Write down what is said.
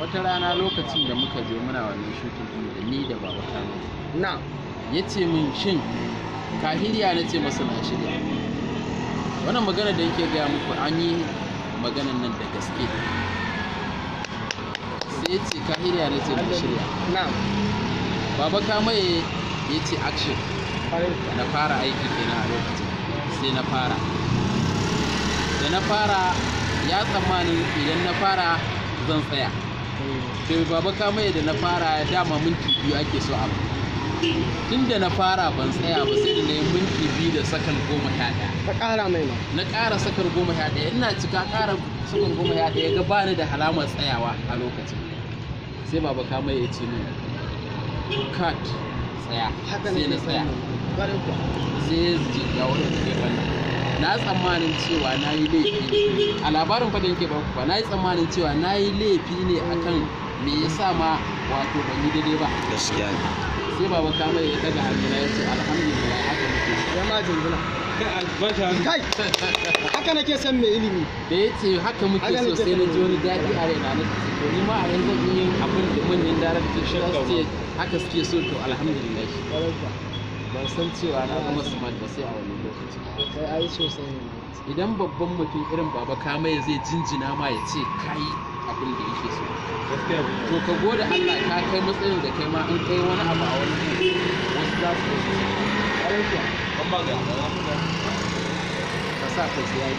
wata rana lokacin da muka je muna wannan shukin din da ni da baba Kano na ce min shin kahiriya na ce masa na shirya wannan magana da yake gaya muku an yi maganan nan da gaske sai ya ce kahiriya na ce na shirya na baba kamaye ya ce action na fara aiki kenan a lokacin sai na fara da na fara ya tsammanin idan na fara zan tsaya to baba mai da na fara dama minti biyu ake so abu tun da na fara ban tsaya ba sai da na yi minti biyu da sakan goma ya ɗaya ka ƙara mai ma na ƙara sakar goma ya ɗaya ina cika ƙara sakar goma ya ɗaya ga ba ni da halamar tsayawa a lokacin sai baba mai ya ce mini cut tsaya sai na tsaya sai ya ji ga wani na tsammanin cewa na yi laifi ne a labarin fa da yake ba kuwa na yi tsammanin cewa na yi laifi ne akan me ya sa ma wato ban yi daidai ba gaskiya ne sai baba kama ya daga hannu ya ce alhamdulillah haka muke jama'a jingina kai haka nake san mai ilimi da ya ce haka muke so sai na ji wani daɗi a raina na to ni ma a yanzu yin abin da manyan darakta shi haka suke so to alhamdulillah ban san cewa na zama su ba sai a wani lokaci kai ai ne idan babban mutum irin baba kamaye zai jinjina ma ya ce kai abin da yake so to ka gode Allah ka kai matsayin da kai ma in kai wani abu a wani wasu za su yi ka sa ka